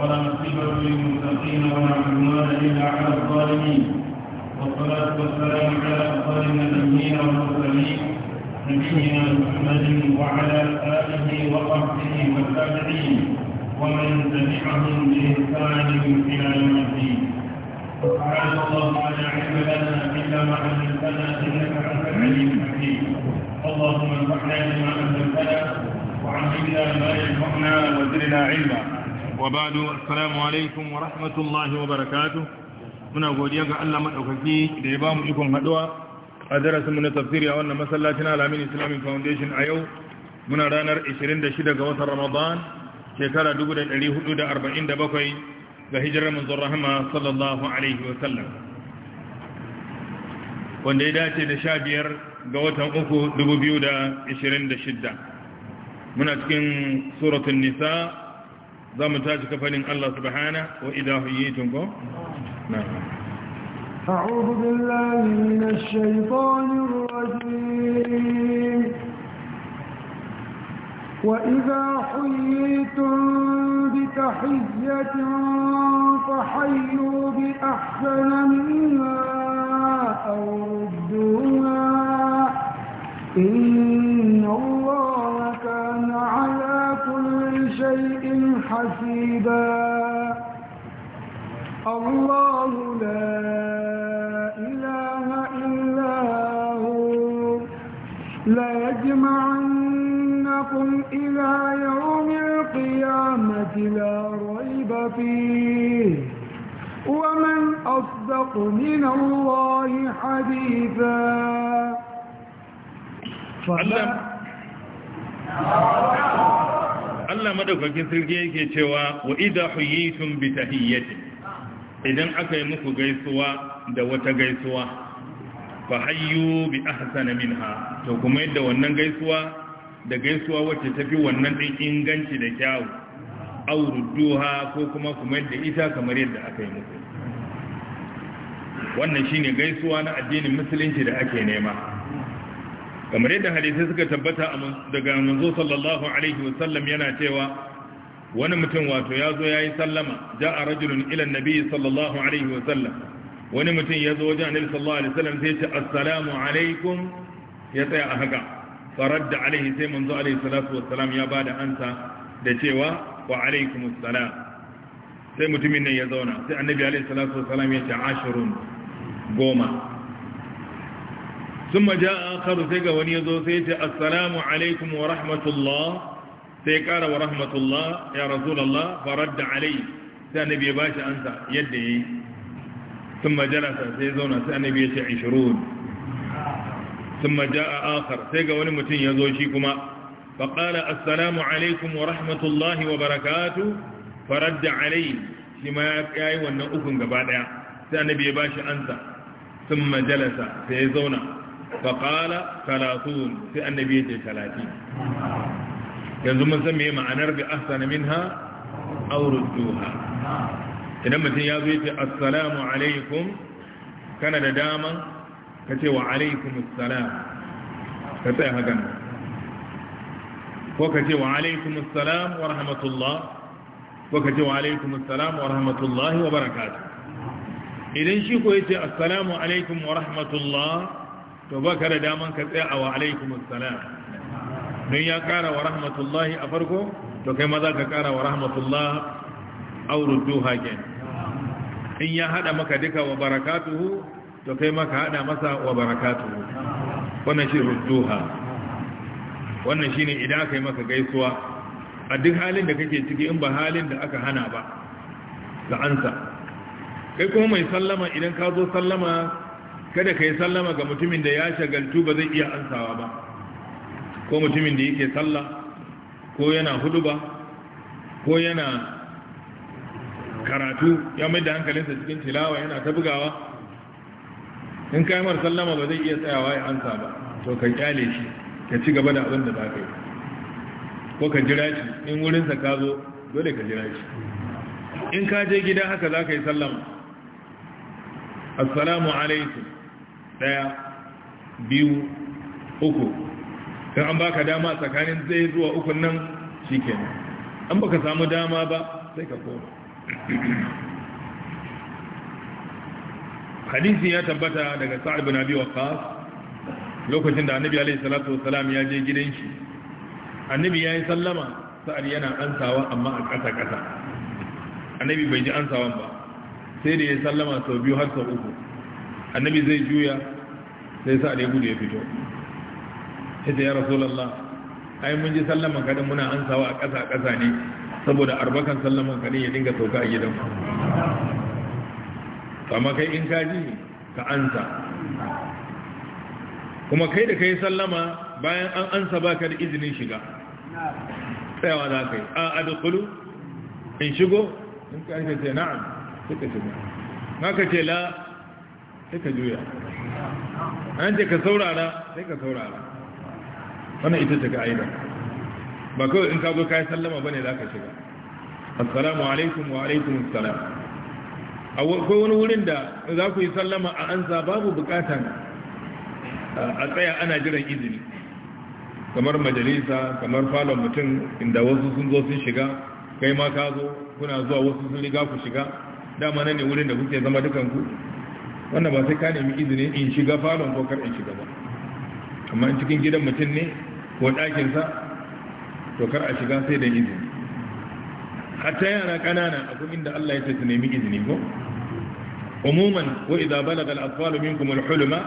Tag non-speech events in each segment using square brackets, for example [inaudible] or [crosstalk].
ولا عقبة للمتقين ولا عدوان إلا على الظالمين والصلاة والسلام على أفضل النبيين والمرسلين نبينا محمد وعلى آله وصحبه والتابعين ومن تبعهم بإحسان إلى يوم الدين سبحان الله على علم لنا إلا ما علمتنا إنك أنت العليم الحكيم اللهم انفعنا بما علمتنا وعلمنا ما ينفعنا وزدنا علما wa badu assalamu alaikum wa rahmatullahi wa barakatuh muna godiya ga Allah madaukaki da ya bamu ikon haduwa a darasin mu na tafsiri a wannan masallacin Alamin Islamic Foundation a yau muna ranar 26 ga watan Ramadan shekara 1447 ga hijirar manzon rahama sallallahu alaihi wa sallam wanda ya dace da 15 ga watan 3 2026 muna cikin suratul nisa za mu tashi kafanin Allah subhana wa idha أعوذ بالله من الشيطان الرجيم وإذا حييتم بتحية فحيوا بأحسن منها أو ردوها إن شيء حسيبا الله لا إله إلا هو ليجمعنكم إلى يوم القيامة لا ريب فيه ومن أصدق من الله حديثا فلا Allah madaukakin sarki yake cewa wa idha huyitum bi tahiyyati idan aka yi muku gaisuwa da wata gaisuwa fa hayyu bi ahsana minha to kuma yadda wannan gaisuwa da gaisuwa wacce tafi wannan din inganci da kyau aw rudduha ko kuma kuma yadda ita kamar yadda aka yi muku wannan shine gaisuwa na addinin musulunci da ake nema kamar yadda hadisai suka tabbata daga manzo sallallahu alaihi wasallam yana cewa wani mutum wato ya zo ya yi sallama ja a rajulun ilan nabi sallallahu alaihi wasallam wani mutum ya zo wajen annabi sallallahu alaihi wasallam sai ce assalamu alaikum ya tsaya a haka faradda alaihi sai manzo alaihi salatu wasallam ya bada ansa da cewa wa alaikum assalam sai mutumin nan ya zauna sai annabi alaihi salatu wasallam ya ce ashirun goma sun maja a karu sai ga wani ya sai ce assalamu wa rahmatullah sai kara wa rahmatullah ya rasulallah farar da alai sai annabi ya ansa yadda yi sun maja na sai zauna sai annabi ya ce ishirun sun maja a akar sai ga mutum ya zo shi kuma faƙala assalamu alaikum wa rahmatullahi wa barakatu farar da alai shi ma ya yi wannan ukun gaba ɗaya sai annabi ya ba shi ansa sun majalasa sai zauna faƙala talatun sai annabi ya ce talatin yanzu mun san mai ma'anar bi ahsana minha aw rudduha idan mutum ya zo yace assalamu alaikum kana da dama ka ce wa alaikum assalam ka tsaya hakan ko ka ce wa alaikum assalam wa rahmatullah ko ka ce wa alaikum assalam wa rahmatullahi wa barakatuh idan shi ko yace assalamu alaikum wa rahmatullah to ba ka da daman ka tsaya a wa alaikum assalam don ya kara wa rahmatullahi a farko to kai ma za ka kara wa rahmatullah aurudu haken in ya hada maka duka wa barakatuhu to kai ma ka hada masa wa barakatuhu wannan shi rudduha wannan shine idan kai maka gaisuwa a duk halin da kake ciki in ba halin da aka hana ba ga ansa kai kuma mai sallama idan ka zo sallama kada ka yi sallama ga mutumin da ya shagaltu ba zai iya ansawa ba ko mutumin da yake sallah ko yana huduba ko yana karatu ya mai da hankalinsa cikin tilawa yana ta bugawa in kaimar sallama ba zai iya tsayawa ya ansa ba to ka kyale shi ka ci gaba da abin da za ka yi ko ka jira shi in wurinsa ka zo dole ka jira shi in ka je gida haka za ka yi sallama assalamu alaikum ɗaya biyu uku sai an baka dama tsakanin zai zuwa ukun nan shi an baka samu dama ba sai ka koma hadisi ya tabbata daga sa'ad bin abi waqqas lokacin da annabi alaihi salatu wassalam ya je gidan shi annabi yayi sallama sa'ad yana ansawa amma a ƙasa ƙasa annabi bai ji ansawan ba sai da ya sallama sau biyu har sau uku annabi zai juya sai sa'ad ya gudu ya fito sai ya rasulullah ai mun ji sallaman kada muna ansawa a ƙasa ƙasa ne saboda arbakan sallaman kada ya dinga sauka a gidan amma kai in ka ji ka ansa kuma kai da kai sallama bayan an ansa baka da izinin shiga tsayawa za ka yi a adukulu in shigo in yi ce na'am suka shiga ka ce la sai ka juya an ce ka saurara sai ka saurara wannan ita ce aida. ba kawai in ka zo kayi sallama bane za ka shiga assalamu alaikum wa alaikum assalam akwai wani wurin da za ku yi sallama a ansa babu bukatan a tsaya ana jiran izini kamar majalisa kamar falon mutum inda wasu sun zo sun shiga kai ma ka zo kuna zuwa wasu sun riga ku shiga dama nan ne wurin da kuke zama dukanku wannan ba sai ka nemi izinin in shiga falon ko kar in shiga ba amma in cikin gidan mutum ne ko ɗakinsa to kar a shiga sai da izini hatta yana ƙanana akwai inda Allah ya ce su nemi izini ko umuman wa idza balaga al-atfalu minkum al-hulma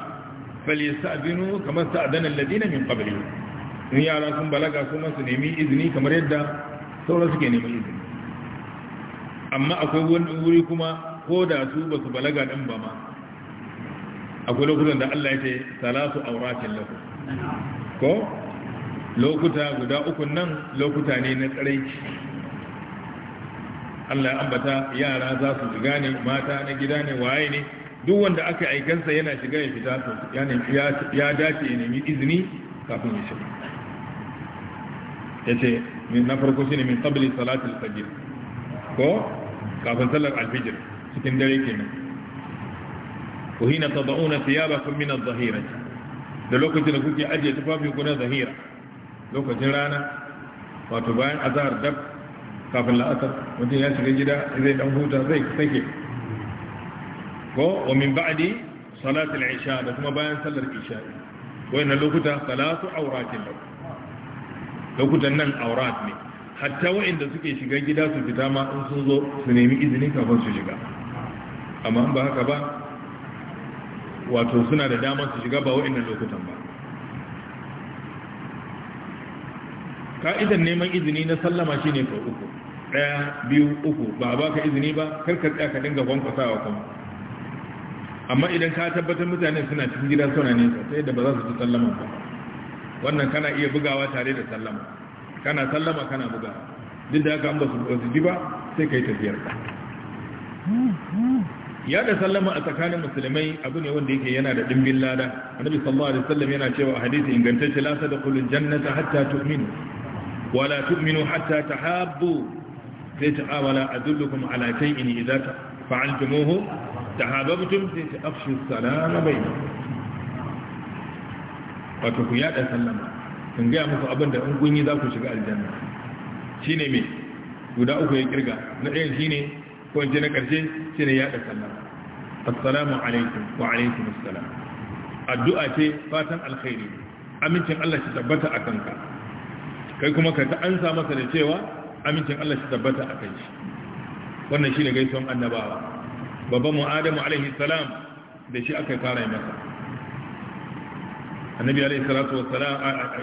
falyasta'dinu kama sta'dana alladhina min qablihim in yara sun balaga kuma su nemi izini kamar yadda sauran suke neman izini amma akwai wani wuri kuma ko da su ba su balaga ɗin ba ma akwai lokutan da Allah ya ce salatu auratin lahu ko lokuta guda uku nan lokuta ne na tsaraici Allah ya ambata yara za su shiga ne mata na gida ne waye ne duk wanda aka aikansa yana shiga ya fita to ya dace ya nemi izini kafin ya shiga ya ce na farko shi ne min qabli salatul fajr ko kafin sallar alfijir cikin dare kenan وهنا تضعون ثيابكم من الظهيرة da lokacin da kuke ajiye tufafi ku na zahira lokacin rana wato bayan azhar dab kafin la'asar mutum ya shiga gida zai dan huta zai sake ko wa min ba'di salat al-isha kuma bayan sallar isha wayannan lokuta salatu auratin lakum lokutan nan aurat ne hatta wa'inda suke shiga gida su fita ma sun zo su nemi izini kafin su shiga amma ba haka ba wato suna da damar su shiga ba wa'in lokutan ba ka'idan neman izini na sallama shine sau uku ɗaya biyu uku ba a baka izini ba karkar ɗaya ka dinga kwankwasawa kuma amma idan ka tabbatar mutane suna cikin gida suna nesa sai da ba za su ci sallama ba wannan kana iya bugawa tare da sallama kana sallama kana bugawa duk da haka an ba su ji ba sai ka yi tafiyar ya da sallama a tsakanin musulmai abu ne wanda yake yana da dimbin lada annabi sallallahu alaihi wasallam yana cewa a hadisi ingantacce la tadkhulul jannata hatta tu'minu wa la tu'minu hatta tahabbu sai ta awala ah, adullukum ala shay'in idza fa'altumuhu tahabbtum sai ta afshu salama bainakum wato ku yada sallama kun gaya muku abin da in kun yi za ku shiga aljanna shine me guda uku ya kirga na ɗayan shine ko in na ƙarshe shine yada sallama assalamu alaikum wa alaikum assalam addu'a ce fatan alkhairi amincin Allah shi tabbata a kanka kai kuma ka ta ansa masa da cewa amincin Allah shi tabbata a kai shi wannan shi ne gaison annabawa babban mu Adamu alaihi salam da shi aka kare masa annabi alaihi salatu wassalam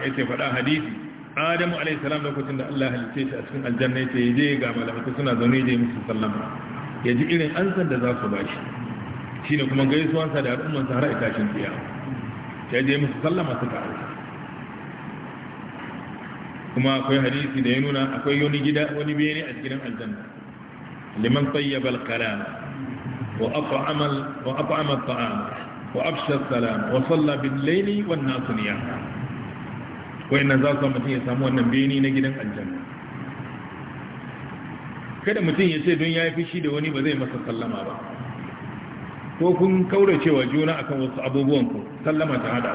yake faɗa hadisi Adamu alaihi salam lokacin da Allah halice shi a cikin aljanna yace je ga mala'iku suna zaune je musu sallama yaji irin ansan da za su ba shi. Shi ne kuma gaisuwansa da al'ummansa har a tashin tsiya Ta je musu sallama suka aure kuma akwai hadisi da ya nuna akwai wani gida wani bene a cikin aljanna liman tayyaba al-kalam wa at'ama wa at'ama at-ta'am wa afsha as-salam wa salla bil-layli wan-nas niyam ko inna za su mutum ya samu wannan bene na gidan aljanna kada mutum ya ce don ya yi fushi da wani ba zai masa sallama ba ko kun kauracewa juna akan wasu abubuwan ku sallama ta hada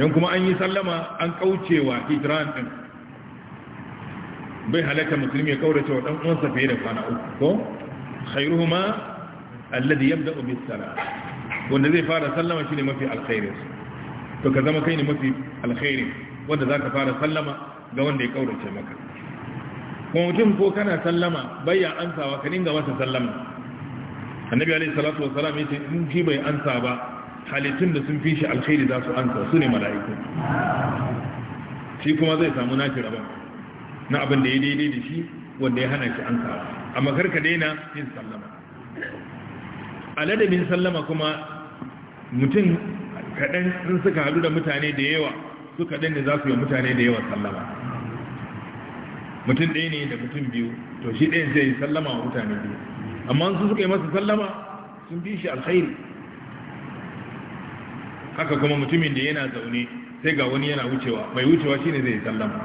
yan kuma an yi sallama an kaucewa hijran din bai halatta musulmi ya kauracewa dan uwansa fiye da kwana uku ko khairuhuma alladhi yabda'u bis salam wanda zai fara sallama shine mafi alkhairi to ka zama kai ne mafi alkhairi wanda zaka fara sallama ga wanda ya kaurace maka kuma mutum ko kana sallama bayya ansawa ka dinga masa sallama annabi alayhi salatu wassalam yace in shi bai ansa ba halittun da sun fi shi alkhairi za su ansa su ne mala'iku shi kuma zai samu nashi rabon na abin da ya daidai da shi wanda ya hana shi ansa amma karka daina yin sallama a sallama kuma mutum kaɗan in suka haɗu da mutane da yawa su kaɗan da za su yi mutane da yawa sallama mutum ɗaya ne da mutum biyu to shi ɗaya zai sallama wa mutane biyu amma su suka yi masa sallama sun bi shi alkhairi haka kuma mutumin da yana zaune sai ga wani yana wucewa mai wucewa shine zai sallama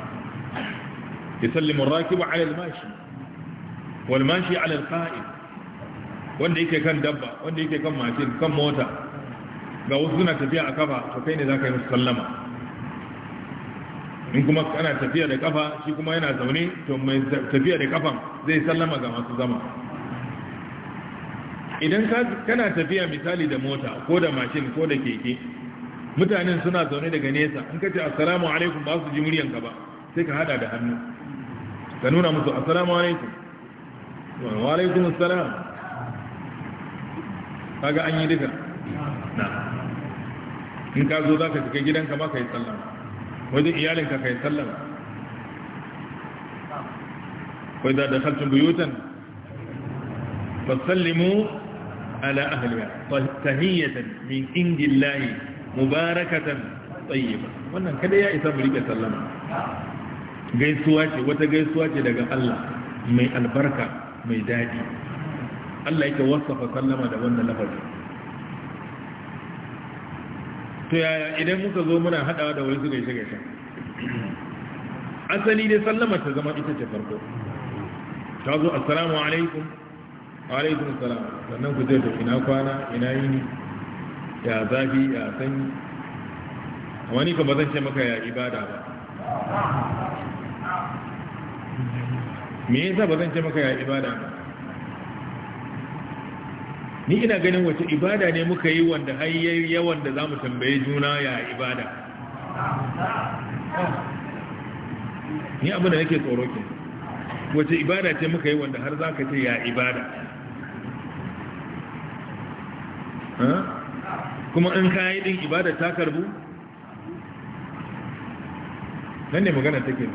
ya sallama rakibu ala almashi wal mashi ala alqa'id wanda yake kan dabba wanda yake kan mashin kan mota ga wasu suna tafiya a kafa to kai ne zaka yi musu sallama in kuma ana tafiya da kafa shi kuma yana zaune to mai tafiya da kafan zai sallama ga masu zama idan kana tafiya misali da mota ko da mashin ko da keke mutanen suna zaune daga nesa in ka ce assalamu alaikum ba su ji muryanka ba sai ka hada da hannu ka nuna musu assalamu alaikum wa alaikum assalam kaga an yi duka na in ka zo za ka shiga gidanka ba ka yi sallama wajen iyalinka ka yi sallah wai da da kalcin buyutan fasallimu على أهلها تهية من عند الله مباركة طيبة wannan kada ya isa mu rike sallama gaisuwa ce wata gaisuwa ce daga Allah mai albarka mai daɗi Allah yake wasafa sallama da wannan lafazi to yaya idan muka zo muna hadawa da wani su gaishe gaishe asali dai sallama ta zama ita ce farko ta zo alaikum alaikun salam sannan ku zai tafi. ina kwana ina yini ya zafi ya sanyi A wani ka ba zan ce maka ya ibada ba me yasa ba zan ce maka ya ibada ba ni ina ganin wace ibada ne muka yi wanda hayayyar yawan da za mu tambaye juna ya ibada ni abin da nake tsoro ke wace ibada ce muka yi wanda har za ka ce ya ibada kuma in ka yi din ibada ta karbu nan ne magana take ne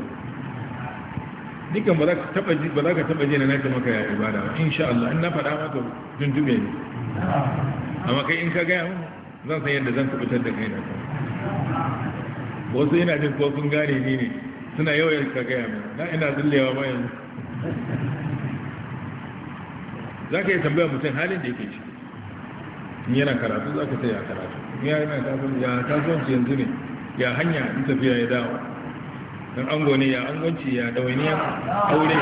dukkan ba za ka taba ji ba za ka taba ji na nake maka ya ibada ba insha Allah in na faɗa maka dundube ne amma kai in ka ga mu zan san yadda zan kubutar da kai na ka wasu yana jin ko kun gane ni ne suna yawan ka ga mu na ina zullewa ba yanzu za ka yi tambaya mutum halin da yake ci yana karatu za ka ce ya karatu ya yana kasuwanci ya kasuwanci yanzu ne ya hanya in tafiya ya dawo don ango ne ya angonci ya dawainiya aure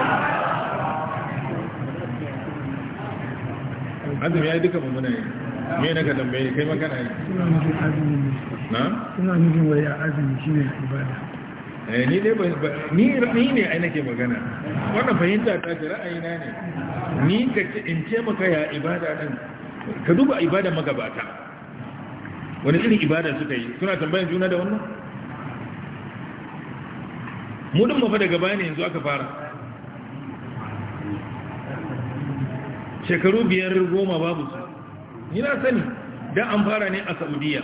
azum ya yi duka muna yi me na ka tambaye kai magana yi suna nufin wa ya azumi shi ne ibada eh, ni ra'ayi ni ne ai nake magana wannan fahimta ta ce na ne ni ka in ce maka ya ibada ɗin ka duba ibada magabata wani irin ibada suka yi suna tambayin juna da wannan mudin mafa daga bayan ne yanzu aka fara shekaru biyar goma babu su ni na sani don an fara ne a saudiya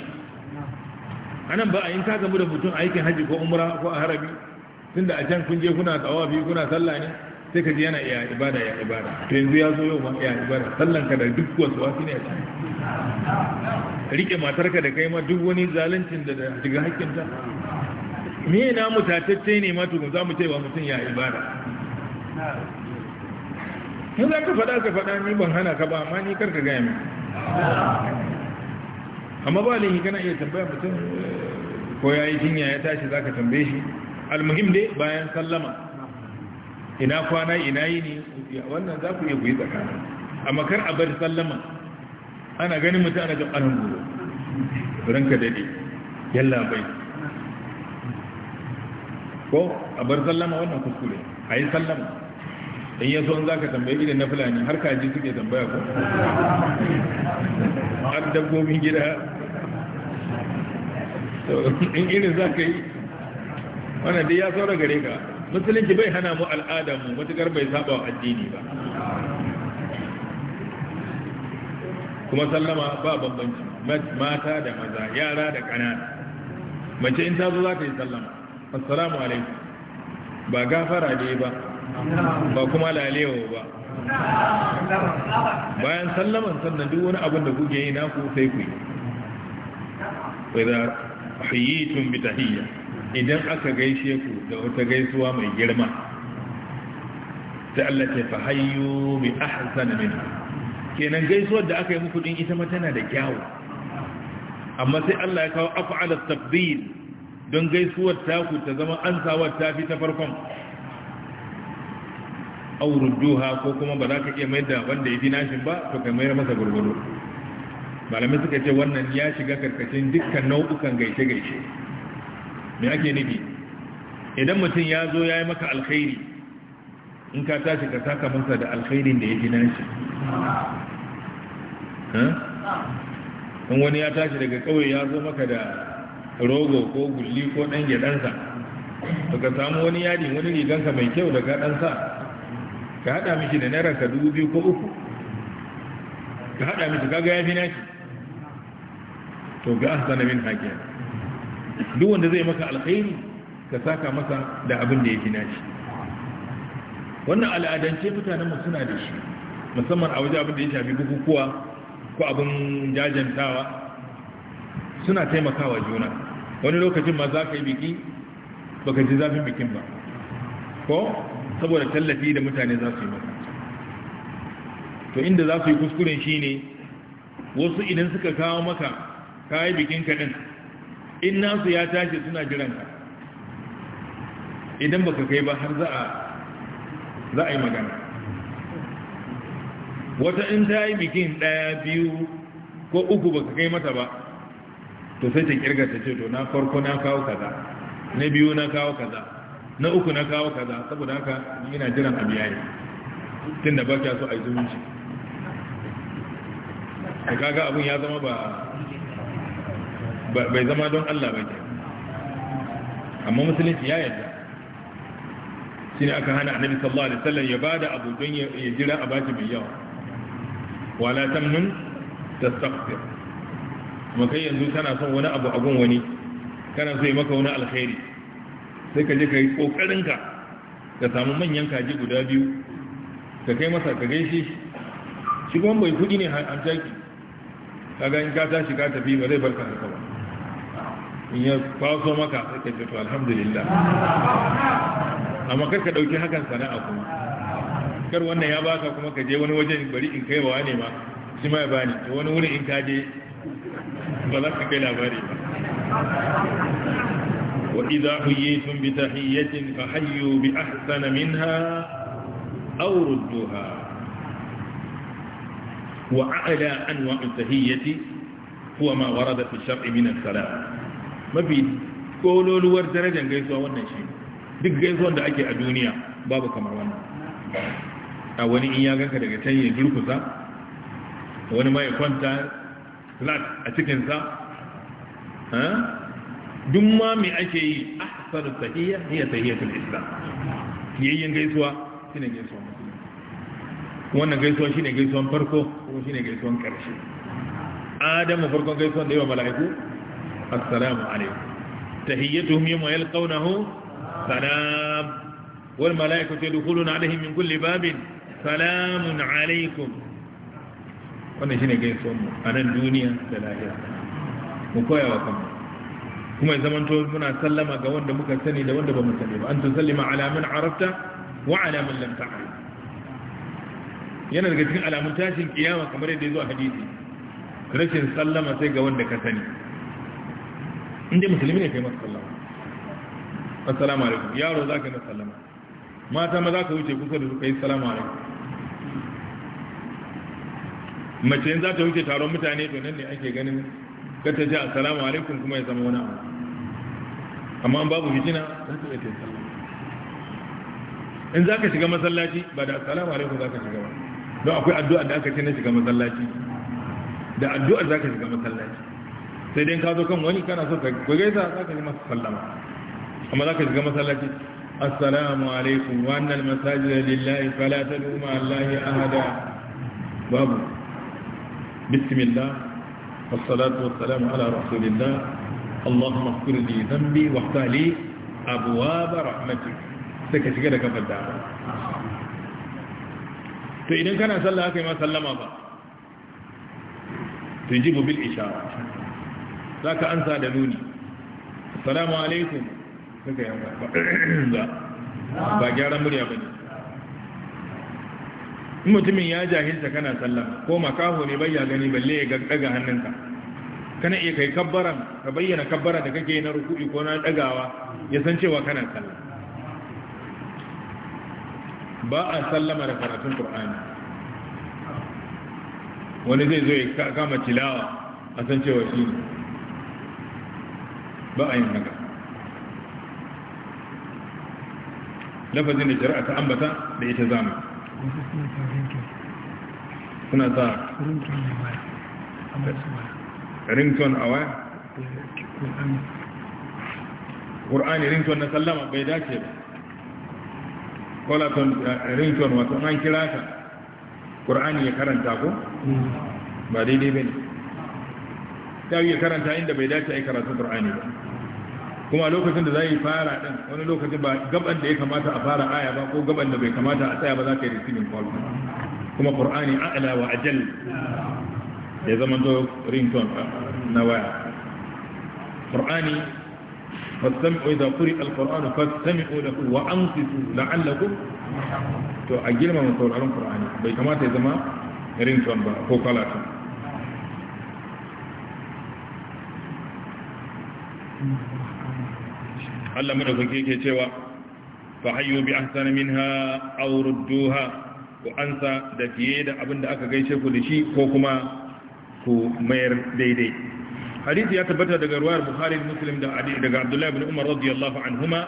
a nan ba a yin kagamu da mutum aikin hajji ko umra ko a harabi tun da a can kun je kuna tsawafi kuna sallah ne sai ka ji yana iya ibada ya ibada to yanzu ya zo yau ma iya ibada sallan ka da duk wasu wasu ne a ciki rike matarka da kai ma duk wani zaluncin da daga ta. me na mutatacce ne ma tukun za mu ce mutum ya ibada in za ka faɗa ka faɗa ni ban hana ka ba amma ni karka gaya min amma ba laihi kana iya tambaya mutum eh, ko ya yi jinya ya tashi za ka tambaye shi almuhim dai bayan sallama ina kwana ina yi ne wannan za ku iya ku yi tsakanin amma kar a bar sallama ana ganin mutum ana gabanin gudu ranka daɗe yalla bai ko a bar sallama wannan kuskure a yi sallama in yi so za ka tambaye gidan na fulani har kaji suke tambaya ko har dabbobin gida in irin za ka yi wannan dai ya saura gare ka musulunci bai hana mu al'adar mu matukar bai saba wa addini ba kuma sallama ba bambanci mata da maza yara da ƙanana mace in ta zo za ta yi sallama assalamu alaikum ba gafara ne ba ba kuma lalewa ba bayan sallaman sannan duk wani abin da kuke yi naku sai ku yi wadda hayyitun bitahiyya idan aka gaishe ku da wata gaisuwa mai girma sai Allah ce fa hayyu bi ahsan minha kenan gaisuwar da aka yi muku din ita ma tana da kyawu amma sai Allah ya kawo af'al at-tabdil don gaisuwar ta ku ta zama ansawa ta fi ta farkon aw rujuha ko kuma ba za ka iya mai da wanda ya fi nashin ba to kai mayar masa gurguru malamai suka ce wannan ya shiga karkashin dukkan nau'ukan gaishe-gaishe me ake nufi idan mutum ya zo ya yi maka alkhairi in ka tashi ka saka masa da alkhairin da ya fi nashi in wani ya tashi daga kawai ya zo maka da rogo ko gulli ko ɗan gyaɗansa to ka samu wani yadi wani riganka mai kyau da ka ɗansa ka haɗa mishi da naira ka dubu biyu ko uku ka haɗa mishi kaga ya fi nashi to ga ahsana min hakiya duk wanda zai maka alkhairi ka saka masa da abin da ya nashi wannan al'adance mutanen mu suna da shi musamman a waje abin da ya shafi bukukuwa ko abin jajantawa suna taimakawa juna wani lokacin ma za ka yi biki baka ji zafin bikin ba ko saboda tallafi da mutane za su yi maka to inda za su yi kuskuren shi ne wasu idan suka kawo maka kayi bikin kaɗin in nasu ya tashi suna jiranka idan baka kai ba har za a yi magana wata in ta yi bikin ɗaya biyu ko uku baka kai mata ba to sai ta kirga ta ce to na farko na kawo kaza na biyu na kawo kaza na uku na kawo kaza saboda haka ina jiran abu yayi tun da ba so a yi zumunci da kaga abun ya zama ba bai zama don Allah ba ke amma musulunci ya yadda shi ne aka hana annabi sallallahu alaihi wasallam ya bada abu don ya jira a bashi mai yawa wala tamnun tastaghfir kuma kai yanzu kana son wani abu a gun wani kana so ya maka wani alkhairi sai ka je ka yi kokarin ka ka samu manyan kaji guda biyu ka kai masa ka gaishe shi shi kuma bai kudi ne a jaki kaga in ka tashi ka tafi ba zai barka haka ba in ya kwaso maka sai ka ce to alhamdulillah amma kar ka dauki hakan sana'a kuma kar wannan ya baka kuma ka je wani wajen bari in kai wa ne ma shi ma ya bani to wani wurin in ka je ba za ka kai labari ba wa idza huyitum bi tahiyyatin fa hayyu bi ahsana minha aw rudduha wa a'la anwa at-tahiyyati huwa ma warada fi ash-shar'i min as-salam mafi kololuwar darajar gaisuwa wannan shi duk gaisuwan da ake a duniya babu kamar wannan a wani in ya ganka daga can ya durkusa wani ma ya kwanta flat a cikinsa duk ma mai ake yi a hasar tahiyya ya tun Isla. yayin gaisuwa shine gaisuwa musulmi wannan gaisuwa shine gaisuwan farko ko shine gaisuwan karshe adamu farkon gaisuwan da yawa mala'iku assalamu alaikum tahiyyatuhum yawma yalqawnahu salam wal malaikatu yadkhuluna alaihim min kulli babin salamun alaikum wannan shine gaisuwar mu a nan duniya da lahira mu koya wa kanmu kuma zamanto muna sallama ga wanda muka sani da wanda ba mu sani ba an tusallima ala man arafta wa ala man lam ta'rif yana daga cikin alamun tashin kiyama kamar yadda ya zo a hadisi rashin sallama sai ga wanda ka sani inda musulmi ne kai masallama, sallama assalamu alaikum yaro za ka yi sallama mata ma za ka wuce kusa da su kai salamu alaikum mace yanzu za ta wuce taron mutane to nan ne ake ganin kata ji assalamu alaikum kuma ya zama wani abu amma an babu hijina za ta ta yi sallama in za ka shiga masallaci ba da assalamu alaikum za ka shiga ba don akwai addu'a da aka ce na shiga masallaci da addu'a za ka shiga masallaci sai dai ka zo kan wani kana so ka gaisa za ka yi masa sallama amma za ka shiga masallaci assalamu alaikum wa annal masajida lillahi fala tad'u ma allahi ahada babu bismillah wassalatu wassalamu ala rasulillah اللهم اغفر لي ذنبي وافتح لي ابواب رحمتك sai ka shiga da kafar da to idan kana sallah kai ma sallama ba to tujibu bil isharah za ka ansa da nuni salamu alaikum suka yi ba ba gyaran murya ba ne in mutumin ya jahilta kana sallah ko makaho ne bai ya gani balle ya gaggaga hannunka kana iya kai kabbaran ka bayyana kabbara da kake na ruku'i ko na dagawa ya san cewa kana sallah ba a sallama da karatun qur'ani wani zai zo ya kama tilawa a san cewa shi ne ba a yin haka lafazin da shari'a ta ambata da ita zamu suna sa rington a waya ƙur'ani rington na sallama bai dace ba kwalaton eh, rington wato an kira ka ƙur'ani ya karanta ko mm. ba daidai ba ne ya yi karanta inda bai dace a yi karatun ƙur'ani ba kuma lokacin da za yi fara ɗin wani lokacin ba gaban da ya kamata a fara aya ba ko gaban da bai kamata a tsaya ba za ka yi receiving call kuma ƙur'ani a'ala wa ajal ya zama to ringtone ah, na waya ƙur'ani فاستمعوا إذا قرئ القرآن فاستمعوا له وأنصتوا لعلكم to a girmama sauraron Qur'ani bai kamata ya zama ringtone ba ko kalatin Thank you. Allah madaukake yake cewa fa hayyu bi ahsana minha aw rudduha ku ansa da fiye da abin da aka gaishe ku da shi ko kuma ku mayar daidai hadisi ya tabbata daga ruwayar bukhari da muslim da adi daga abdullahi ibn umar radiyallahu anhuma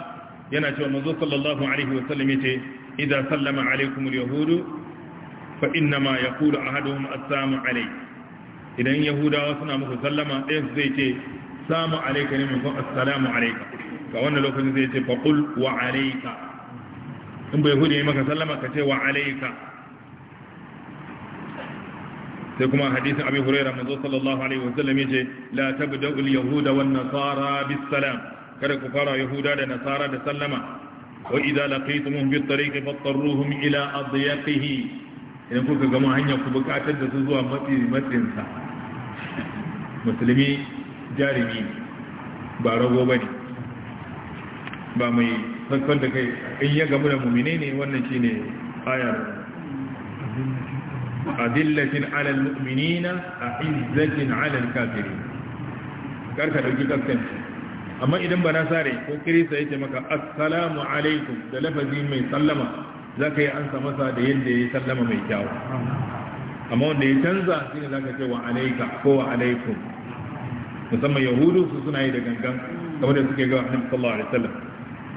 yana cewa manzo sallallahu alaihi wa sallam yace idza sallama alaikum al-yahud fa inna ma yaqulu ahaduhum assalamu alayk idan yahudawa suna muku sallama ɗaya zai ce samu alayka ne mun assalamu alayka Ka wannan lokacin sai ce faƙul wa alaika in bai hudu ya maka sallama ka ce wa alaika sai kuma hadisin abin huraira manzo sallallahu alaihi wasallam ya ce la tabda daul yahuda wa nasara bis salam kada ku fara yahuda da nasara da sallama wa idza laqitumuhum bit tariqi fattaruhum ila adyaqihi idan kuka gama hanya ku bukatar da su zuwa matsi matsinsa [laughs] musulmi jarimi ba rago bane ba mai zankar da kai in ya gamu da mummine ne wannan shi ne ayar adillatin alal mu'minina a izzatin alal kafiri karka dauki kaskanci amma idan ba na sare ko kirista ya ce maka assalamu alaikum da lafazi mai sallama za ka yi ansa masa da yadda ya yi sallama mai kyawu amma wanda ya canza shi ne za ka ce wa alaika ko wa alaikum musamman yahudu su suna yi da gangan kamar da suke ga annabi sallallahu alaihi sallam.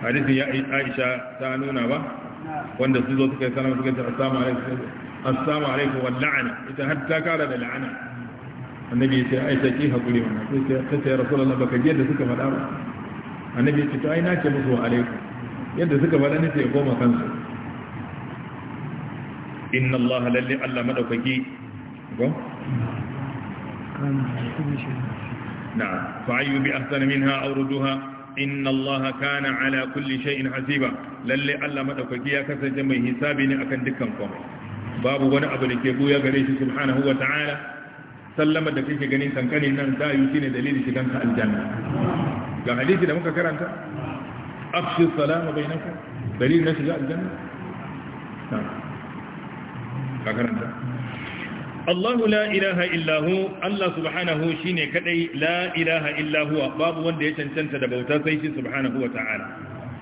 hadisin ya aisha ta nuna ba wanda su zo suka yi sanar suka ce assalamu alaikum la'ana ita har ta kara da la'ana annabi ya ce aisha ki hakuri wannan sai ta ce rasulullahi baka ji yadda suka faɗa ba annabi ya ce to aina na ce musu wa alaikum yadda suka faɗa ne sai ya koma kansu inna Allah lalle Allah madaukaki ko na'am fa ayyubi ahsana minha aw ruduha inna kana ala kulli in hasiba lallai Allah madaukaki ya kasance mai hisabi ne akan dukkan komai babu wani abu da ke goya gare shi subhanahu wa ta'ala sallama da kake ganin kankanin nan da yi shine dalilin shigan ka ga hadisi da muka karanta afshi salama dalilin na shiga ka karanta Allahu la ilaha illahu Allah subhanahu shine kadai la ilaha illahu babu wanda ya cancanta da bauta sai shi subhanahu wa ta'ala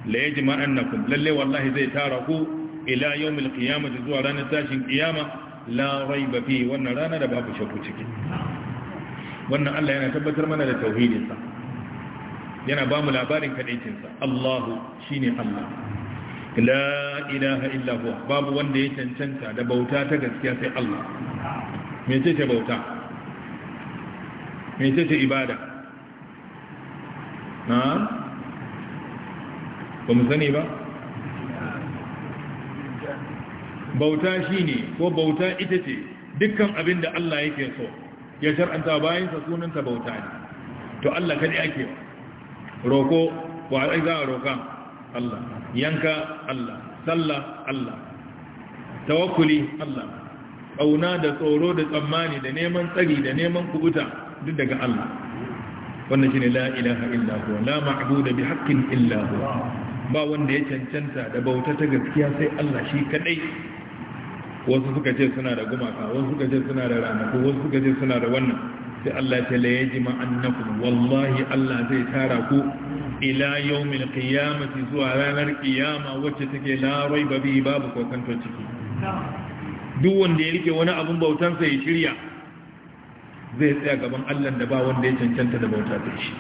la yajma'annakum lalle wallahi zai tara ku ila yawmil qiyamati zuwa ranar tashin qiyama la raiba fi wannan rana da babu shakku ciki wannan Allah yana tabbatar mana da tauhidinsa yana ba mu labarin kadaicinsa Allahu shine Allah la ilaha illa huwa babu wanda ya cancanta da bauta ta gaskiya sai Allah Me ce bauta Me ce ibada na ba mu sani ba bauta shine ko bauta ita ce dukkan abin da Allah yake so ya shar'anta bayansa sunanta bauta ne to Allah kadai ake roko wa za a roka Allah yanka Allah sallah Allah tawakkuli Allah ƙauna da tsoro da tsammani da neman tsari da neman kubuta duk daga Allah wannan shine la ilaha illa huwa la ma'budu bi haqqin illa huwa ba wanda ya cancanta da bauta ta gaskiya sai Allah shi kadai wasu suka ce suna da gumaka wasu suka ce suna da ranaku wasu suka ce suna da wannan sai Allah ta la yajma annakum wallahi Allah zai tara ku ila mil kiyamati zuwa ranar kiyama wacce take la raiba bi babu kokanto ciki duk wanda ya rike wani abun bautan sa ya shirya zai tsaya gaban Allah da ba wanda ya cancanta da bauta da shi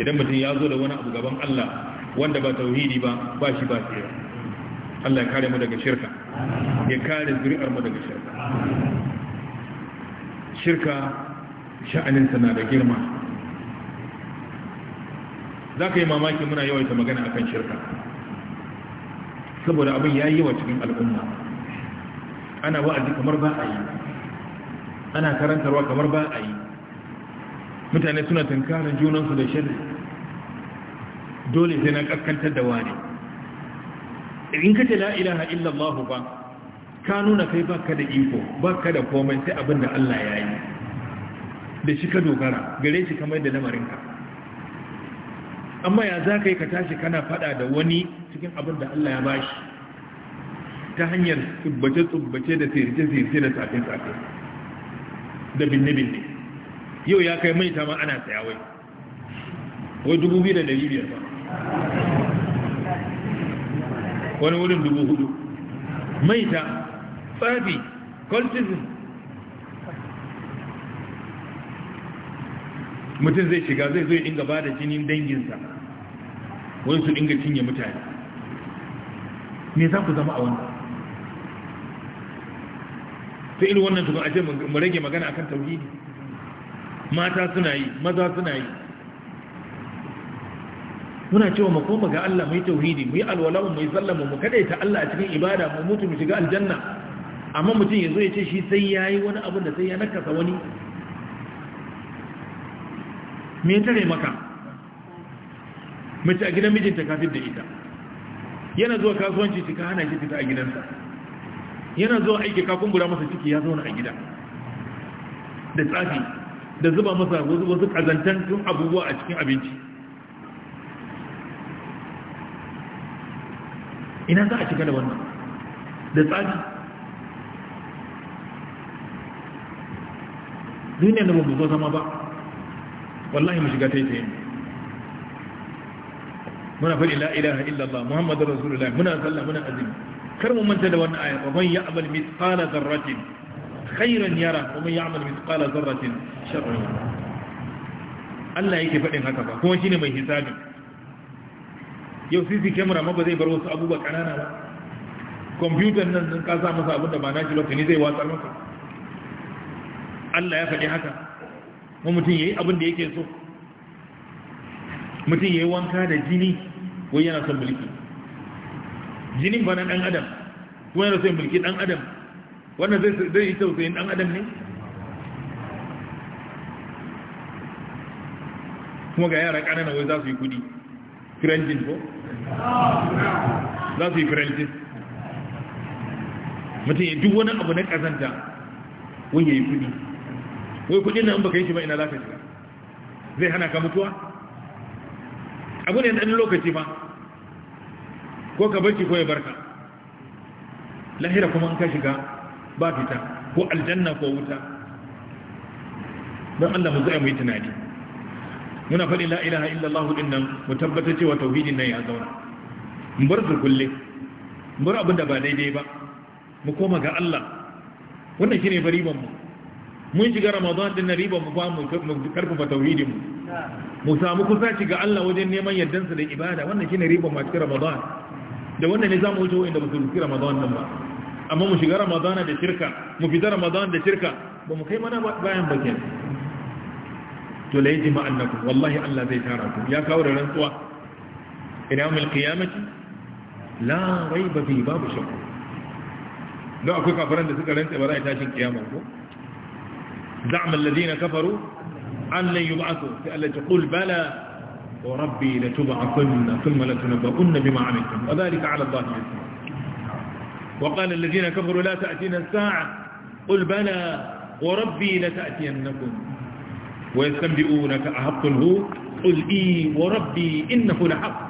idan mutum ya zo da wani abu gaban Allah wanda ba tauhidi ba ba shi ba tsira Allah ya kare mu daga shirka ya kare zuri'ar mu daga shirka shirka sha'aninsa na da girma za ka yi mamaki muna yawaita magana akan shirka saboda abin ya yi wa cikin al'umma ana wa'azi kamar ba a yi ana karantarwa kamar ba a yi mutane suna tunkarar junansu da shirka dole sai na kaskantar da wani in ka ce la ilaha illallah ba ka nuna kai baka da iko baka da komai sai abin da Allah ya yi da shi ka dogara gare shi kamar da lamarinka amma ya za ka yi ka tashi kana fada da wani cikin abin da Allah ya bashi ta hanyar tsubbace-tsubbace da tsirce-tsirce da safe-safe da binne-binne yau ya kai maita ma ana tsayawai. wai dubu biyu da dari biyar ba wani wurin dubu hudu maita tsafi cultism mutum zai shiga zai zo ya dinga ba da jinin danginsa wani su dinga cinye mutane me za ku zama a wanda? ta irin wannan tukun aje mu rage magana akan tauhidi mata suna yi maza suna yi muna cewa mu koma ga Allah mai tauhidi mu yi alwala mu yi sallama mu ta Allah a cikin ibada mu mutu mu shiga aljanna amma mutum ya zo ya ce shi sai yayi wani abu da sai ya nakasa wani me ya tare maka mace a gidan mijinta kafin da ita yana zuwa kasuwanci cika hana shi fita a gidansa yana zuwa aiki ka kungura masa ciki ya zauna a gida da tsafi da zuba masa wasu kazantan tun abubuwa a cikin abinci ina za a cika da wannan da tsafi duniya da babu zama ba wallahi mu shiga taitayin muna faɗi la ilaha illallah muhammadu rasulullah muna sallah muna azumi kar mu manta da wannan aya wa man ya'mal mithqala dharratin khairan yara wa man ya'mal mithqala dharratin sharran Allah yake faɗin haka ba kuma shine mai hisabi yau sisi camera ma ba zai bar wasu abubuwa kanana ba kwamfutan nan sun kasa masa abin da ba na shi ba zai watsar maka Allah ya faɗi haka kuma mutum ya yi abin da yake so mutum ya yi wanka da jini wai yana son mulki jinin ba na ɗan adam kuma yana son mulki ɗan adam wannan zai yi tausayin ɗan adam ne kuma ga yara ƙanana wai za su yi kudi firanjin ko? za su yi firanjin mutum ya duk wani abu na ƙazanta wai ya yi kudi wai kudin nan baka yi shi ba ina zaka shiga zai hana ka mutuwa abu ne ɗan lokaci ba ko ka barci ko ya barka lahira kuma an ka shiga ba fita ko aljanna ko wuta don Allah mu zai mu yi tunani muna faɗi la ilaha illallah din nan mu tabbata cewa tauhidin nan ya zauna mu bar zulkulle mu bar abin da ba daidai ba mu koma ga Allah wannan shine fariban mu mun shiga ramadan din na riba mu ba mu karfafa tauhidin mu mu samu kusaci ga Allah wajen neman yardansa da ibada wannan shine riba mu cikin ramadan da wannan ne zamu wuce wanda musu cikin ramadan din ba amma mu shiga ramadan da shirka mu fita ramadan da shirka ba mu kai mana ba bayan bakin to la yajma annakum wallahi Allah zai tara ku ya kawo da rantsuwa ina yawmil qiyamati la raiba fi babu shakku da akwai kafiran da suka rantsa ba za a tashin kiyama ko زعم الذين كفروا أن لن يبعثوا فألا تقول بلى وربي لتبعثن ثم لتنبؤن بما عملتم وذلك على الله يسير وقال الذين كفروا لا تأتينا الساعة قل بلى وربي لتأتينكم ويستنبئونك أحق هو قل إي وربي إنه لحق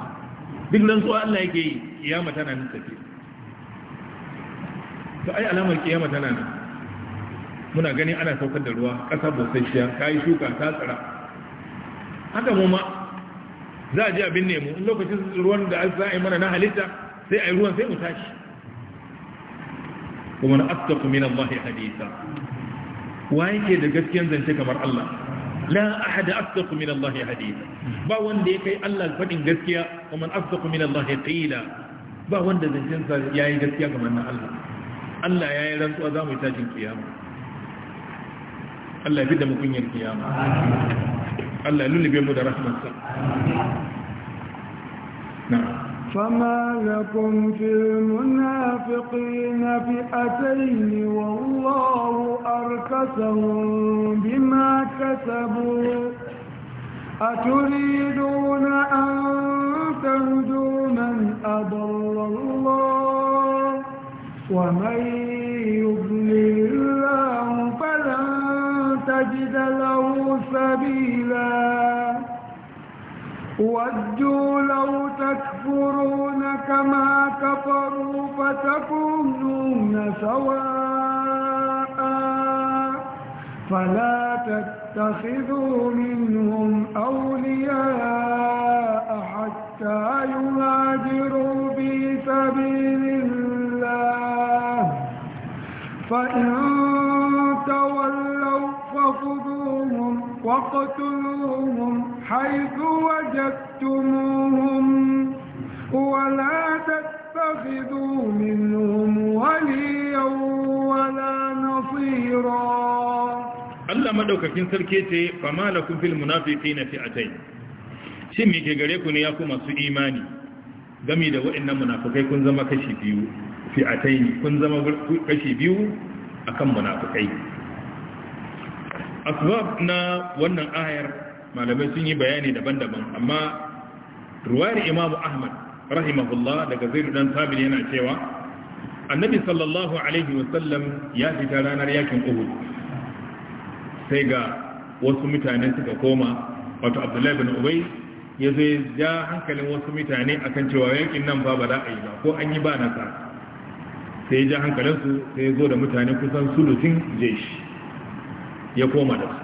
بجلن سؤال لا يجي قيامة أنا نستفيد فأي ألام القيامة أنا نستفيد muna ganin ana saukar da ruwa ƙasa busasshiya ka yi shuka ta tsara haka mu ma za a ji abin nemo in lokacin ruwan da za a yi mana na halitta sai a yi ruwan sai mu tashi kuma na ku minan Allah hadisa wa ke da gaskiyan zance kamar Allah la ahada ku minan Allah hadisa ba wanda ya kai Allah faɗin gaskiya kuma ku minan Allah qila ba wanda zancensa ya yi gaskiya kamar na Allah Allah ya yi rantsuwa za mu yi tashin kiyama Allah bi da mu kunyar kiyama Allah lullube mu da rahmatsa na'am فما لكم في المنافقين فئتين والله أركسهم بما كسبوا أتريدون أن تهدوا من أضل الله ومن نجد له سبيلا ودوا لو تكفرون كما كفروا فتكونون سواء فلا تتخذوا منهم أولياء حتى يهاجروا في سبيل الله فإن خذوهم واقتلوهم حيث وجدتموهم ولا تتخذوا منهم وليا ولا نصيرا الله مدوك في سلكيتي فما لكم في المنافقين فئتين شمي كغريكم ياكم سو إيماني جميل da wa'annan munafikai kun zama kashi biyu fi'ataini kun zama kashi biyu akan munafikai asbab na wannan ayar malamai sun yi bayani daban-daban amma ruwayar imamu ahmad rahimahullah daga zai rudan sabin yana cewa annabi sallallahu alaihi wasallam ya fita ranar yakin uhud sai ga wasu mutane suka koma wato abdullahi bin ubai ya zai ja hankalin wasu mutane a kan cewa yakin nan ba ba za a yi ba ko an yi ba nasa sai ya ja hankalinsu sai ya zo da mutane kusan sulutin jeshi ya koma da su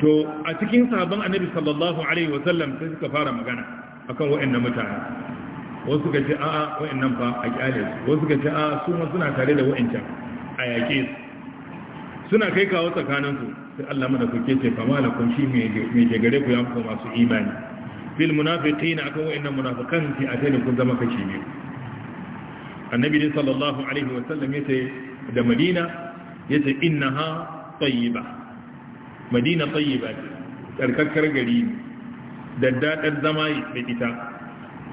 to a cikin sabon annabi sallallahu alaihi wasallam sai suka fara magana akan wa'annan mutane wasu ga ce a'a wa'annan fa a kyale su wasu ga ce a'a su ma suna tare da wa'ancan a yaƙe su suna kai kawo tsakanin su sai Allah mana ku ce fa malakum shi me ke gare ku ya ku masu imani fil munafiqin akan wa'annan munafikan fi atani kun zama kashi biyu annabi sallallahu alaihi wasallam yace da madina yace innaha tayyiba madina tayyiba karkakkar gari da dadar zama da ita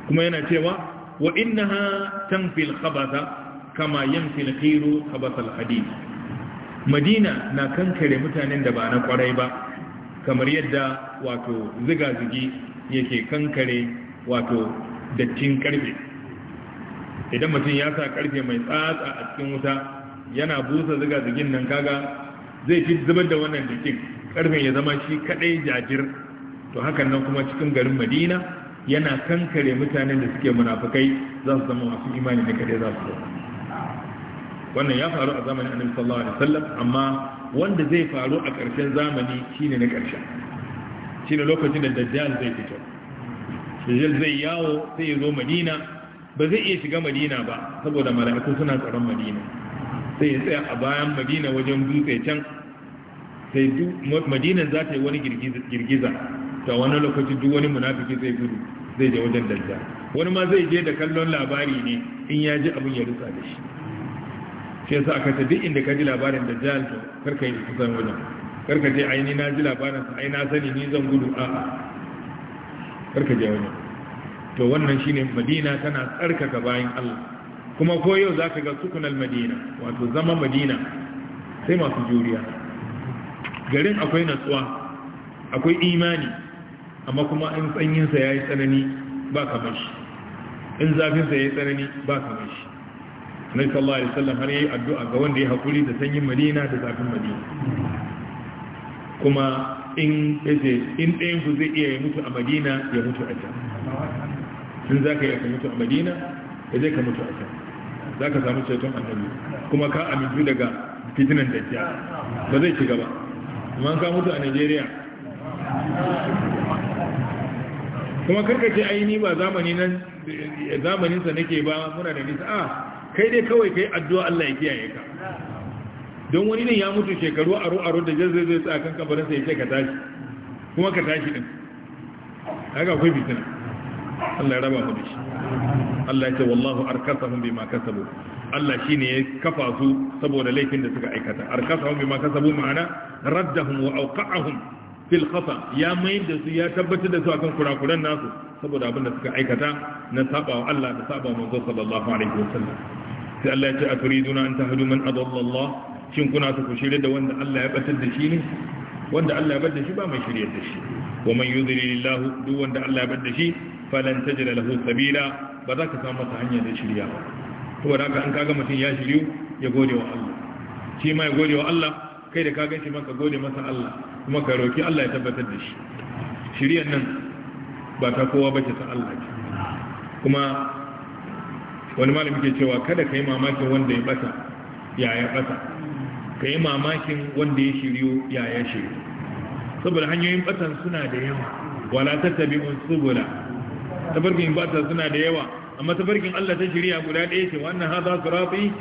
kuma yana cewa wa innaha tanfil khabatha kama yamsi khiru khabath hadid madina na kankare mutanen da ba na kwarai ba kamar yadda wato ziga-zigi yake kankare wato dattin karfe idan mutum ya sa karfe mai tsatsa a cikin wuta yana busa zuga nan kaga zai fi zubar da wannan jikin karfin ya zama shi kadai jajir to hakan nan kuma cikin garin madina yana kankare mutanen da suke munafukai za su zama masu imani da kadai za su zo wannan ya faru a zamanin annabi sallallahu alaihi wasallam amma wanda zai faru a karshen zamani shine na karshe shine lokacin da dajjal zai fito dajjal zai yawo sai ya zo madina ba zai iya shiga madina ba saboda mala'iku suna tsaron madina sai ya tsaya a bayan madina wajen dutse can sai madinan za ta yi wani girgiza ta wani lokaci duk wani munafiki zai gudu zai je wajen dajja wani ma zai je da kallon labari ne in ya ji abin ya rusa da shi shi yasa aka ta duk inda ka ji labarin da jihar to karka yi kusan wajen karka je aini na ji labarin sa aina sani ni zan gudu a'a karka je wajen to wannan shine madina tana tsarkaka bayan Allah kuma ko yau za ka ga sukunan madina wato zama madina sai masu juriya garin akwai natsuwa akwai imani amma kuma in tsanyinsa ya yi tsanani ba ka mashi in zafinsa ya yi tsanani ba ka mashi na sallallahu alaihi wasallam har yi addu'a ga wanda ya haƙuri da sanyin madina da zafin madina kuma in ɗaya in ɗayan ku zai iya mutu a madina ya mutu a can in za ka yi ka mutu a madina ya zai ka mutu a can za ka samu ceton annabi kuma ka amintu daga fitinan dajjal ba zai shiga ba amma ka mutu a Najeriya kuma ce aini ba zamani nan zamanin sa nake ba muna da nisa ah kai dai kawai kai addu'a Allah ya kiyaye ka don wani ne ya mutu shekaru aro aro da jazzai zai tsaya kan kabarin sa ya ce ka tashi kuma ka tashi din haka akwai fitina Allah ya raba mu da shi Allah ya ce wallahu arkasahum bima kasabu Allah shine ya kafa su saboda laifin da suka aikata arkasahum bima kasabu ma'ana raddahum wa awqa'ahum fil khata ya mai da su ya tabbatar da su akan kurakuran nasu saboda abin da suka aikata na sabawa Allah da sabawa manzo sallallahu alaihi wasallam sai Allah ya ce aturiduna an tahdu man adalla Allah shin kuna so ku shirye da wanda Allah ya batar da shi ne wanda Allah ya batar da shi ba mai shirye da shi wa man yudlilillahu duk wanda Allah ya batar da shi falan tajida lahu sabila ba za ka samu masa hanya da shirya ba to da haka an kaga mutum ya shiryu ya gode wa Allah shi ma ya gode wa Allah kai da ka gan shi maka gode masa Allah kuma ka roki Allah ya tabbatar da shi shiryan nan ba ta kowa bace ta Allah ce kuma wani malami ke cewa kada ka yi mamakin wanda ya bata ya ya bata ka yi mamakin wanda ya shiryu ya ya shiryu saboda hanyoyin batan suna da yawa wala tattabi'un subula tafarkin bata suna da yawa amma tafarkin Allah ta shirya guda ɗaya ce wannan hadha sirati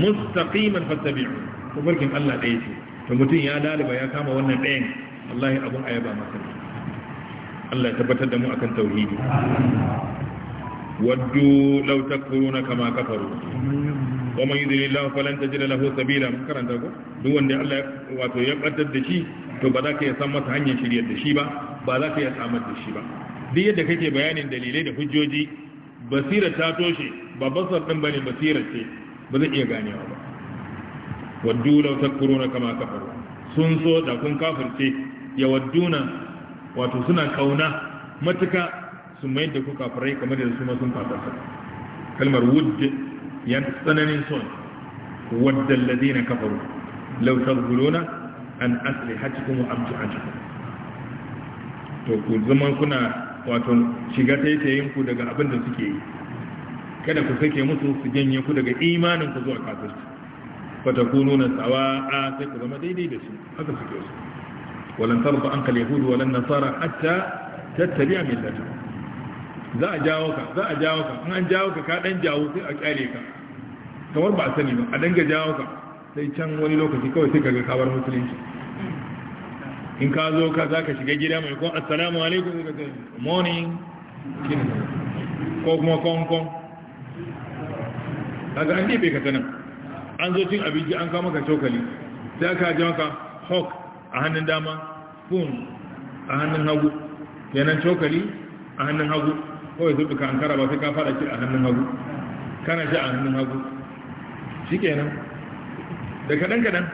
mustaqiman fattabi'u tafarkin Allah ɗaya ce to mutum ya daliba ya kama wannan ɗayan wallahi abun ayaba masa Allah ya tabbatar da mu akan tauhidi waddu law takfuruna kama kafaru wa man yudlilillahu falan tajid lahu sabila mun karanta ko duk wanda Allah wato ya baddar da shi to ba za ka iya san masa hanyar shiryar da shi ba ba za ka iya samar da shi ba duk yadda kake bayanin dalilai da hujjoji basira ta toshe ba basar din ba ne basira ce ba zai iya ganewa ba waddu lau takuruna kama kafaru sun so da kun kafirce ya wadduna wato suna kauna matuka su mai da ku kafirai kamar da su ma sun kafirta kalmar wudd ya tsananin son wadda alladhina kafaru law tazguluna an aslihatukum wa amtu'atukum to ku zaman kuna wato shiga yi ku daga abin da suke yi kada ku sake musu su janye ku daga imanin ku zuwa kafirci fata ku nuna tsawa a sai ku zama daidai da su haka suke su walan tarba an kal yahudu walan nasara hatta tattabi'a millata za a jawo ka za a jawo ka in an jawo ka ka dan jawo sai a kyale ka kamar ba a sani ba a danga jawo ka sai can wani lokaci kawai sai kaga kabar musulunci in ka zo ka za ka shiga gida mai kon assalamu alaikum ka ce morning ko kuma A daga an ɗebe ka sanin? an zo cin abinci an kama ka cokali sai aka ji maka hawk a hannun dama spoon a hannun hagu yanan cokali a hannun hagu kawai zuɓi ka an kara ba sai ka fada shi a hannun hagu kana shi a hannun hagu shi kenan da kaɗan-kaɗan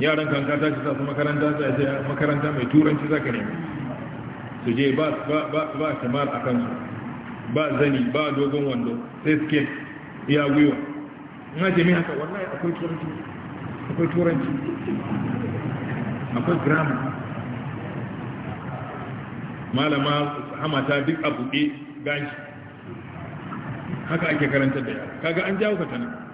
yaran kan ta tashi sa su makaranta ta ce makaranta mai turanci zaka nemi su je ba ba ba kamar akan su ba zani ba dogon wando sai suke ya gwiwa ina ce mai haka wallahi akwai turanci akwai turanci akwai grama malama hamata duk a buɗe gashi haka ake karanta da ya kaga an jawo ka tana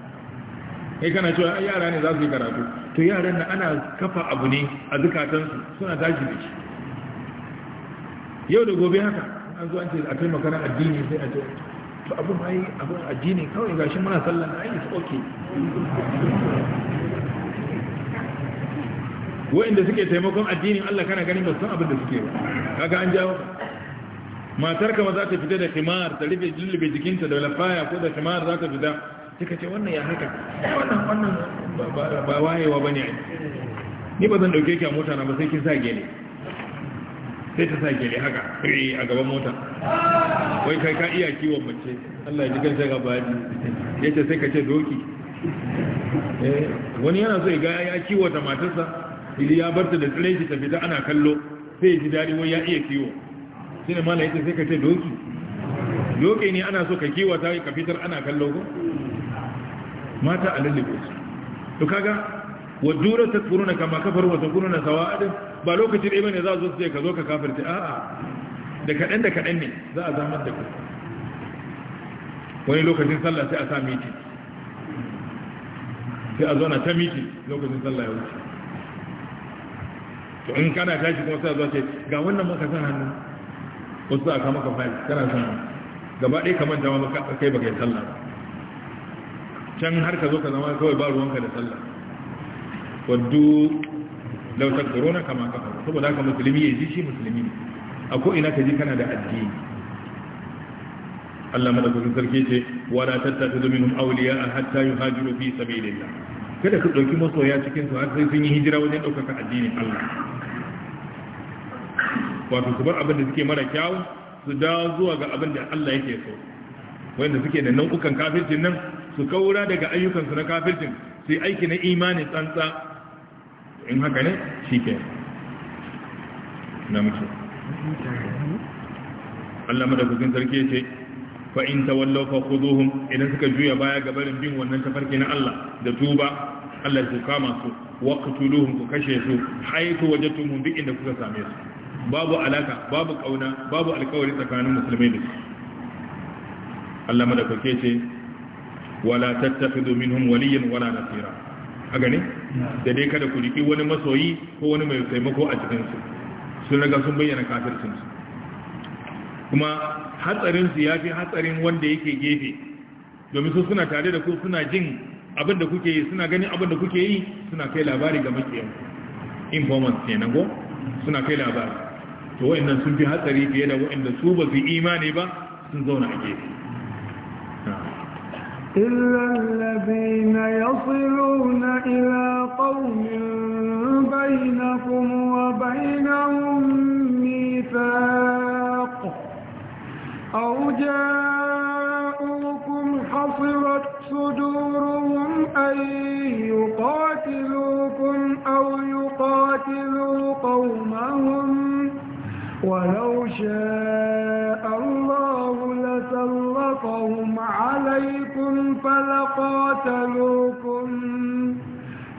ne kana cewa ai yara ne za su yi karatu to yaran nan ana kafa abu ne a zukatansu suna tashi da shi yau da gobe haka an zo an ce a kai na addini sai a ce to abin mai abu addini kawai gashi muna sallah na ai it's okay wa'inda suke taimakon addinin Allah kana ganin ba san abin da suke ba kaga an jawo matar kama za ta fita da kimar ta rufe jirgin jikinta da lafaya ko da kimar za ta fita suka ce wannan ya haka ai wannan wannan ba wayewa bane ai ni ba zan dauke ki a mota na ba sai kin sa gele sai ta sa gele haka eh a gaban mota wai kai ka iya kiwon mace Allah ya ji kan shaka baji yace sai ka ce doki eh wani yana so ya ya kiwo ta matarsa ili ya barta da tsire shi ta fita ana kallo sai ya ji dadi wai ya iya kiwo shi ne mala yace sai ka ce doki doke ne ana so ka kiwata ka fitar ana kallo ko mata a su to kaga wadura ta turuna kama kafar wata kununa sawa'adin ba lokaci ɗaya ne za zo sai ka zo ka kafirta a'a da kaɗan da kaɗan ne za a zamar da ku wani lokacin sallah sai a sa miti sai a zauna ta miti lokacin sallah ya wuce to in kana tashi kuma sai a zo ce ga wannan maka san hannu wasu za a kama ka fayil kana san hannu gaba ɗaya kamar dama maka kai baka yi sallah ba, can har ka zo ka zama kawai ba ruwanka da sallah waddu lautar korona kama kafa saboda haka musulmi ya ji shi musulmi ne. a ko ina ka ji kana da addini Allah madaukakin sarki ce wala tattakhidhu minhum a hatta yuhajiru fi sabilillah kada ku dauki masoya cikin su har sai sun yi hijira wajen ɗaukaka addinin Allah wato su bar abin da suke mara kyawu su dawo zuwa ga abin da Allah yake so wanda suke da nau'ukan kafircin nan su kaura daga ayyukansu na kafircin sai aiki na imani tsantsa in haka ne shi ke na mutu Allah madaukakin sarki ce fa in tawallaw fa idan suka juya baya ga barin bin wannan tafarki na Allah da tuba Allah ya kama su tuluhun ku kashe su haythu wajadtumhum duk inda kuka same su babu alaka babu kauna babu alkawari tsakanin musulmai da su Allah madaukake ce wala tattakhidhu minhum waliyyan wala nasira a gane da dai kada ku riki wani masoyi ko wani mai taimako a cikin su sun riga sun bayyana kafircin su kuma hatsarin su yafi hatsarin wanda yake gefe domin su suna tare da ku suna jin abin da kuke yi suna ganin abin da kuke yi suna kai labari ga makiyan informant kenan go suna kai labari to wa'annan sun fi hatsari fiye da wa'anda su ba su imani ba sun zauna a gefe إلا الذين يصلون إلى قوم بينكم وبينهم ميثاق أو جاءوكم حصرت صدورهم أن يقاتلوكم أو يقاتلوا قومهم ولو شاء الله لسلطهم عليكم فلقاتلوكم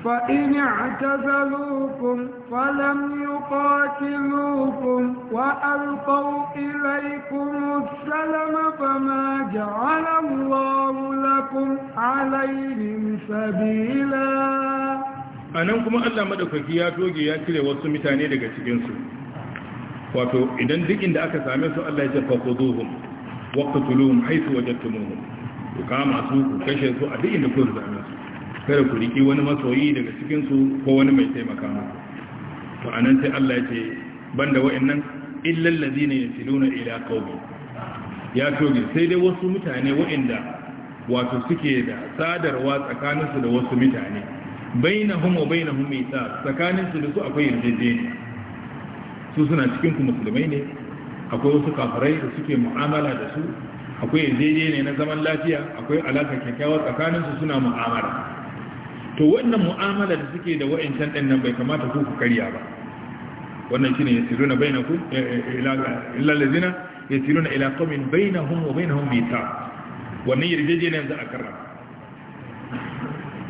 فإن اعتزلوكم فلم يقاتلوكم وألقوا إليكم السلم فما جعل الله لكم عليهم سبيلا أنا كما ألا مدفك يا توجي يا كلي وصمتاني لك تجنسوا wato idan duk inda aka same su Allah ya ce fa khuduhum waqtuluhum haythu wajadtumuhum ku kama su ku kashe su a duk inda kun same su kada ku riki wani masoyi daga cikin su ko wani mai taimaka muku to anan sai Allah ya ce banda wa'annan illal ladina yasiluna ila qaumi ya toge sai dai wasu mutane wa'anda wato suke da sadarwa tsakaninsu da wasu mutane bainahum wa bainahum mithaq tsakaninsu da su akwai yarjejeniya su suna cikin ku musulmai ne akwai wasu kafirai da suke mu'amala da su akwai yajeje ne na zaman lafiya akwai alaka kyakkyawar tsakaninsu suna mu'amala to wannan mu'amala da suke da wa'ancan ɗin nan bai kamata ku ku karya ba wannan shine yasiruna bainakum illa allazina yasiruna ila qawmin bainahum wa bainahum mita wannan yarjejeniyar za a karra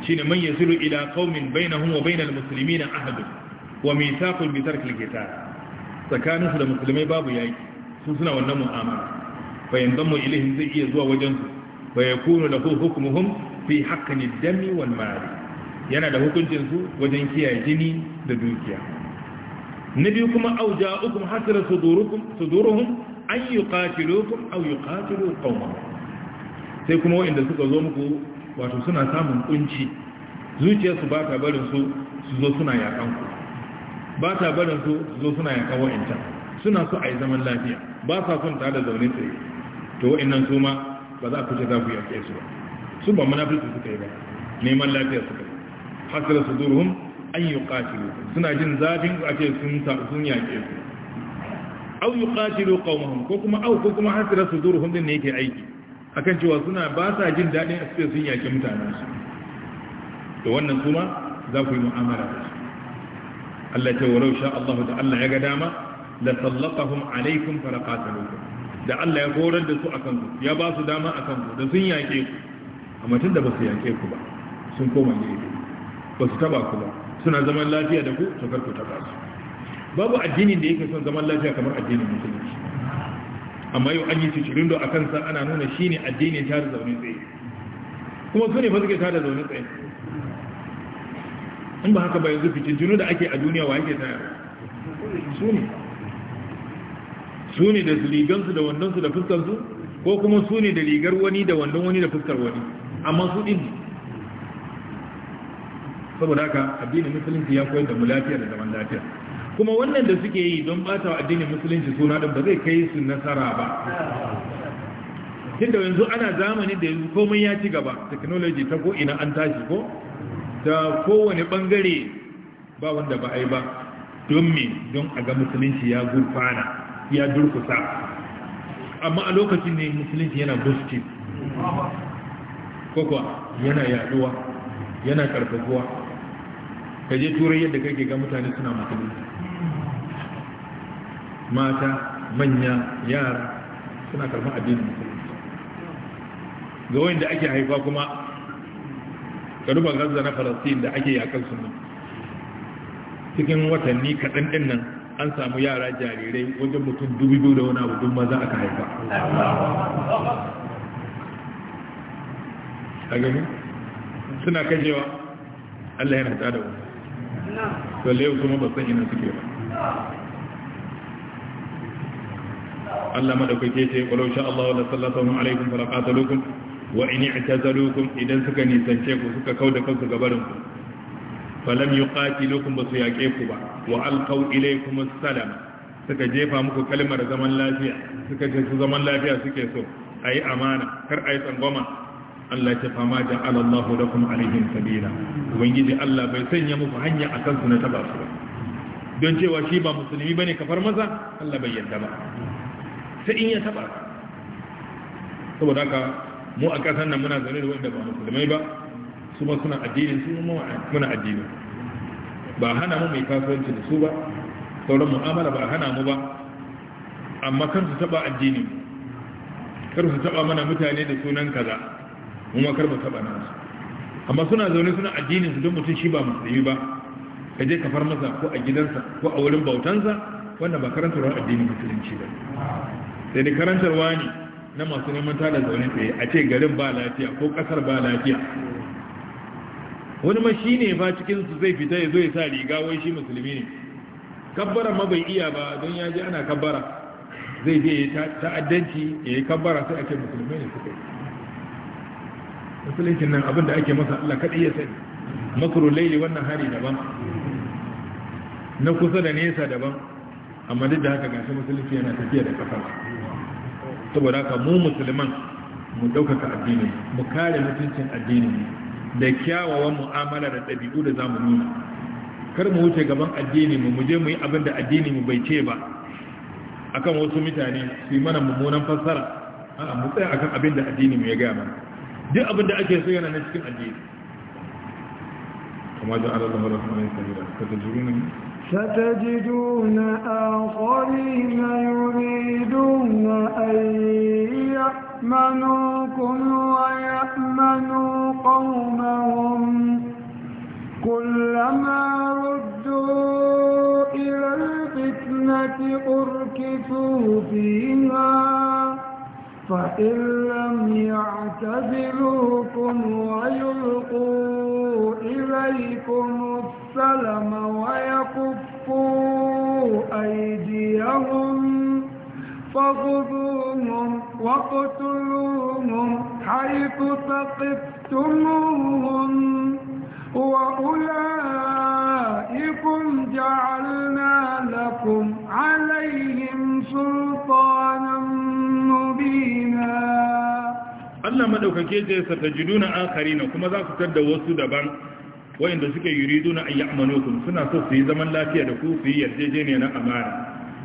shine man yasiru ila qawmin bainahum wa bainal muslimina ahad wa mithaqun bi tarkil kitab tsakaninsu da musulmai babu yaƙi su suna wannan mu'amala bayan mu ilihim zai iya zuwa wajensu bai ya kuno da hukumuhum fi haƙƙani dami wal mari yana da hukuncinsu wajen kiyaye jini da dukiya na biyu kuma au ja'ukum hasira suduruhum an yuqatilukum aw yuqatilu qaumahum sai kuma waɗanda suka zo muku wato suna samun kunci zuciyarsu ba ta barin su su zo suna yaƙanku. ku ba ta barin su zo suna yankan wa'incan suna so a yi zaman lafiya ba sa son tare da zaune tsaye to wa'innan su ma ba za ku ce za ku yanke su ba su ba su suka yi ba neman lafiya suka yi hasira su durhun an yi ƙatilu suna jin zafin a ce sun yaƙe su au yi ƙatilu ƙaunahun ko kuma au ko kuma hasira su durhun din ne yake aiki akan cewa suna ba sa jin daɗin a sun mutanen su to wannan kuma za ku yi mu'amala da su Allah ce walau sha Allah da Allah ya ga dama la sallatahum alaikum faraqatalukum da Allah ya horar da su akan ku ya ba su dama akan ku da sun yake ku amma tunda ba su yake ku ba sun koma gefe ba su taba ku ba suna zaman lafiya da ku to karku taba su babu addinin da yake son zaman lafiya kamar addinin musulunci amma yau an yi cikin do akan sa ana nuna shine addinin tare zaune tsaye kuma su ne ba suke tare zaune tsaye in ba haka ba yanzu fitintunu da ake a duniya wa ake tayar su ne su ne da rigansu da wandonsu da fuskarsu ko kuma su ne da rigar wani da wandon wani da fuskar wani amma su ɗin saboda haka addinin musulunci ya koyar da mu lafiya da zaman lafiya kuma wannan da suke yi don bata wa addinin musulunci suna ɗin ba zai kai su nasara ba tunda yanzu ana zamanin da yanzu komai ya ci gaba technology ta ko ina an tashi ko da kowane bangare ba wanda ba a yi ba don me don a ga musulunci ya gurfana ya durkusa amma a lokacin ne musulunci yana busti kwakwa yana yaduwa yana karfafuwa ka je turai yadda kake ga mutane suna musulunci mata manya yara suna karfa addinin musulunci ga wanda ake haifa kuma ka duba gaza na falastin da ake yakan su cikin watanni kaɗan ɗin nan an samu yara jarirai wajen mutum dubu biyu da wani abu maza aka haifa a gani suna kajewa allah yana da wani wale yau kuma ba san ina suke ba Allah madaukake ce walau sha Allah wa sallallahu alaihi wa sallam wa in i'tazalukum idan suka nisance ku suka kauda kansu gabarin ku falam yuqatilukum basu yaqe ku ba wa alqaw ilaykum assalam suka jefa muku kalmar zaman lafiya suka ce su zaman lafiya suke so ayi amana kar ayi tsangwama Allah ta fama da Allah lakum alaihim sabila ubangiji Allah bai sanya muku hanya a kansu na taba su ba don cewa shi ba musulmi bane kafar maza Allah bai yarda ba sai in ya taba saboda haka mu a ƙasar nan muna zaune da wanda ba musulmai ba su ma suna addinin su muna addinin ba hana mu mai kasuwanci da su ba sauran mu'amala ba hana mu ba amma kan su taba addini kar su taba mana mutane da sunan kaza mu ma kar mu taba nasu amma suna zaune suna addinin su don mutum shi ba musulmi ba ka je ka far masa ko a gidansa ko a wurin bautansa wannan ba karantarwa addinin musulunci ba sai dai karantarwa ne na masu neman tada zaune tsaye a ce garin ba lafiya ko kasar ba lafiya wani ma shi ne ba cikinsu zai fita ya zo ya sa riga wai shi musulmi ne kabbara ma bai iya ba don ya ji ana kabbara zai je ya ta'addanci ya yi kabbara sai a ce musulmi ne suka yi musulunci nan abin da ake masa Allah kaɗai ya sani makaro laili wannan hari daban na kusa da nesa daban amma duk da haka gashi musulunci yana tafiya da kafa saboda ka mu musulman mu ɗaukaka addini mu kare mutuncin addini da kyawawan mu'amala da ɗabi'u da zamu nuna kar mu wuce gaban addini mu muje mu yi abin da addini mu bai ce ba akan wasu mutane su yi mana mummunan fassara a mu tsaya akan abin da addini mu ya gaya mana duk abin da ake so yana na cikin addini kuma ja'alallahu rahmanahu wa ta'ala ka tajuruna ستجدون آخرين يريدون أن يأمنوكم ويأمنوا قومهم كلما ردوا إلى الفتنة أركفوا فيها فإن لم يعتذروكم ويلقوا إليكم السلم ويقفوا كفوا أيديهم فخذوهم واقتلوهم حيث ثقفتموهم وأولئكم جعلنا لكم عليهم سلطانا مبينا Allah madaukake ce sa tajiduna akharina kuma za ku tadda wasu daban wa'inda suke yuriduna an ya'manukum suna so su yi zaman lafiya da ku su yi yarjejeniya na amara.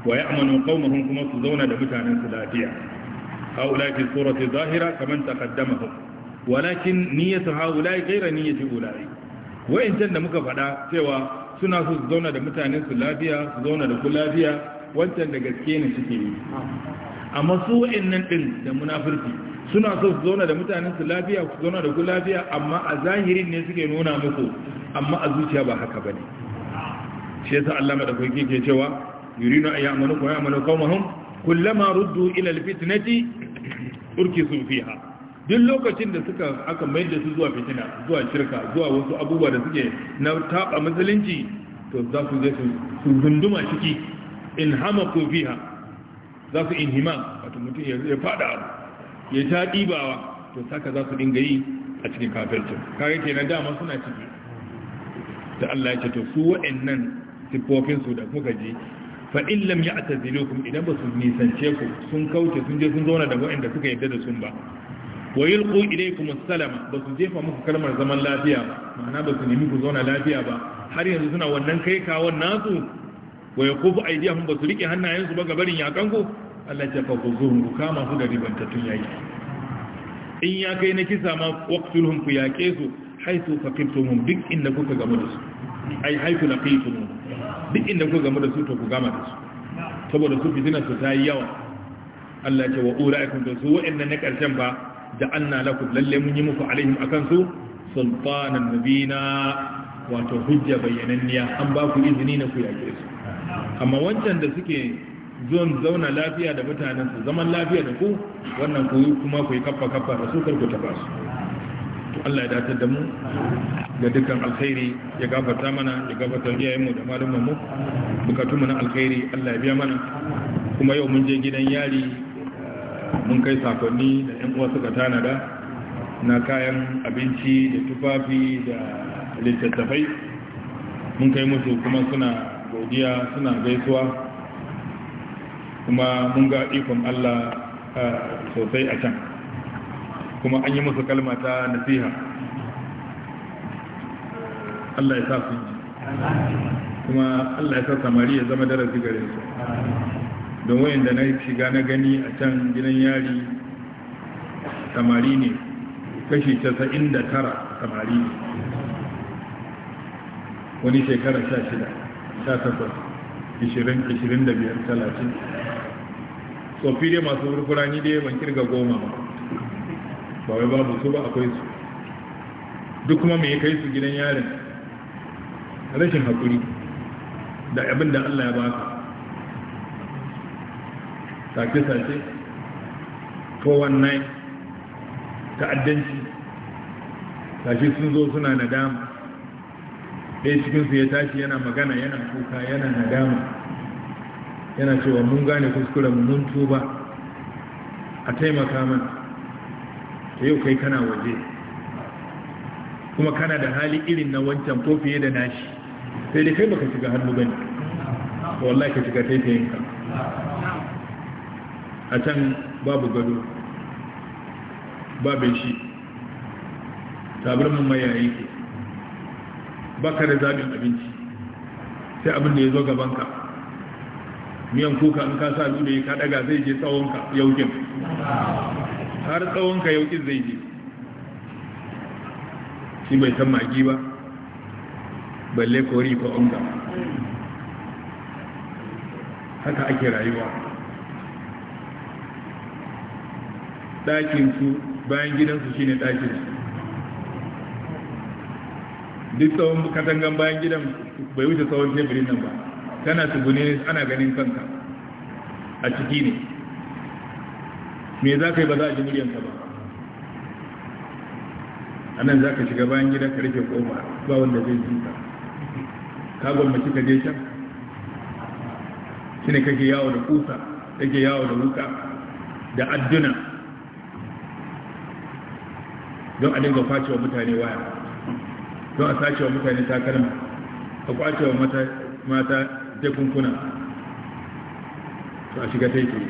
wa ya'manu qaumahum kuma su zauna da mutanen su lafiya haulai fi surati zahira kaman taqaddamahum walakin niyyatu haulai ghayra niyyati ulai wa'inda da muka faɗa cewa suna so su zauna da mutanen su lafiya su zauna da ku lafiya wancan da gaske ne suke yi amma su nan din da munafirci suna so su zauna da mutanen su lafiya su zauna da ku lafiya amma a zahirin ne suke nuna muku amma a zuciya ba haka bane shi yasa Allah madaukaki ke cewa yurinu ay ko wa ya'malu qawmuhum kullama ruddu ila alfitnati sun fiha duk lokacin da suka aka mai da su zuwa fitina zuwa shirka zuwa wasu abubuwa da suke na taba musulunci to za su je su gunduma ciki in fiha za su inhima wato mutum ya fada abu ya ta ɗibawa to saka za su dinga yi a cikin kafircin kare kenan dama suna ciki da Allah ya ce to su waɗannan siffofin su da kuka ji fa in lam kuma idan ba su nisance ku sun kauce sun je sun zauna da waɗanda suka yadda da sun ba wa idai kuma salama ba su jefa muku kalmar zaman lafiya ma'ana ba su nemi ku zauna lafiya ba har yanzu suna wannan kai kawon nasu wa yaqubu aydiyahum ba su rike hannayensu ba ga barin yakan ku Allah ya fa kuzuhum ku kama su da ribantattun yaki in ya kai na kisa ma waqtulhum ku yake su haitu faqibtumhum duk inda kuka gamu da su ai haitu laqitumuhum duk inda kuka gamu da su to ku gama da su saboda su fitina su ta yi yawa Allah ya ce wa ulaikum da su wa'annan na karshen ba da anna lakum lalle mun yi muku alaihim akan su sultanan mubina wato hujja bayyananniya an ba ku izini na ku yaƙe su amma wancan da suke zuwan zauna lafiya da mutanen su zaman lafiya da ku wannan ku kuma ku yi kaffa kaffa da su karku ta basu. to Allah ya dace da mu ga dukkan alkhairi ya gafarta mana ya gafarta iyayen mu da malaman mu bukatu mu na alkhairi Allah ya biya mana kuma yau mun je gidan yari eh, mun kai sakonni da yan uwa suka tanada na kayan abinci da tufafi da littattafai mun kai musu kuma suna godiya suna gaisuwa kuma mun ga ikon Allah sosai a can kuma an yi musu kalma ta nasiha Allah ya sa su yi. kuma Allah ya sa samari ya zama darasi gare su don wayan da na shiga na gani a can gidan yari samari ne kashi 99 samari ne wani shekara 16 18 20 25 30 tsofi dai masu furfura ni dai ban kirga goma ba ba wai babu su ba akwai su duk kuma mai kai su gidan yarin rashin haƙuri da abin da Allah ya baka sake-sake kowanne ta'addanci Sashi sun zo suna nadama ɗaya cikinsu ya tashi yana magana yana kuka yana nadama yana cewa mun gane kuskuren mun tuba a taimaka man ta yau kai kana waje kuma kana da hali irin na wancan ko fiye da nashi sai da kai baka shiga hannu ba wallahi ka shiga taitayin a can babu gado babin shi tabarmin mayayi ke baka da zaɓin abinci sai abin da ya zo gabanka miyan kuka in ka sa dude ka daga zai je tsawonka yaukin har tsawonka yaukin zai je shi bai san magi ba balle kori ko onga haka ake rayuwa ɗakinsu bayan gidansu shine ɗakinsu duk tsawon katangan bayan gidan bai wuce tsawon teburin nan ba kana tugune ana ganin kanka a ciki ne me za ka yi ba za a ji muryanka ba a nan za ka shiga bayan gida ka rufe koma, ba wanda zai ji ka ka gwamnati ka je can shi ne kake yawo da kusa kake yawo da wuka da adduna don a dinga face wa mutane waya don a sace wa mutane takalma a kwace wa mata jakunkuna su a shiga taiki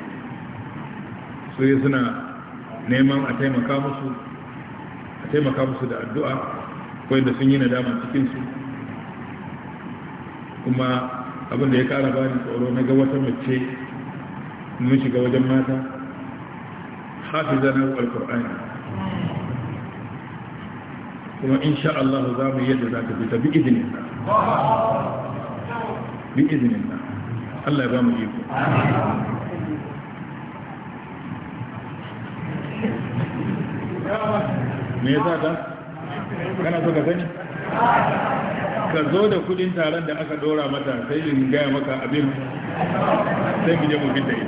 su yi suna neman a taimaka musu a taimaka musu da addu'a kawai da sun yi nadama cikinsu kuma abinda ya kara bani tsoro na ga wata mace mun shiga wajen mata hafiza na alkur'ani kuma insha Allah za mu yadda za ta fi tabi izinin bi izinin na, Allah ya ba mu iko me ya sa kana so ka sani ka zo da kudin taron da aka dora mata sai in gaya maka abin sai mu je mu fita yi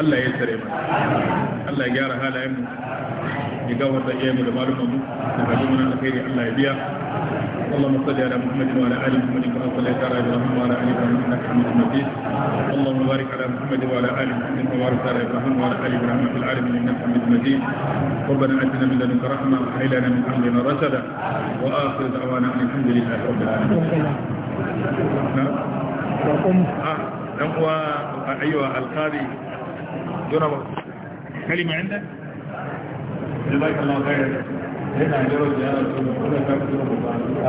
Allah ya tsare ba Allah ya gyara halayen mu ya ga wata iyayen mu da malumanmu da kai ne, Allah ya biya اللهم صل على محمد وعلى ال محمد كما صليت على ابراهيم وعلى ال ابراهيم انك حميد مجيد اللهم بارك على محمد وعلى ال محمد كما باركت على ابراهيم وعلى ال ابراهيم في العالمين انك حميد مجيد ربنا اتنا من لدنك رحمه وهب لنا من امرنا رشدا واخر دعوانا ان الحمد لله رب العالمين نعم اه dan uwa القاضي دون كلمه عندك جزاك الله خير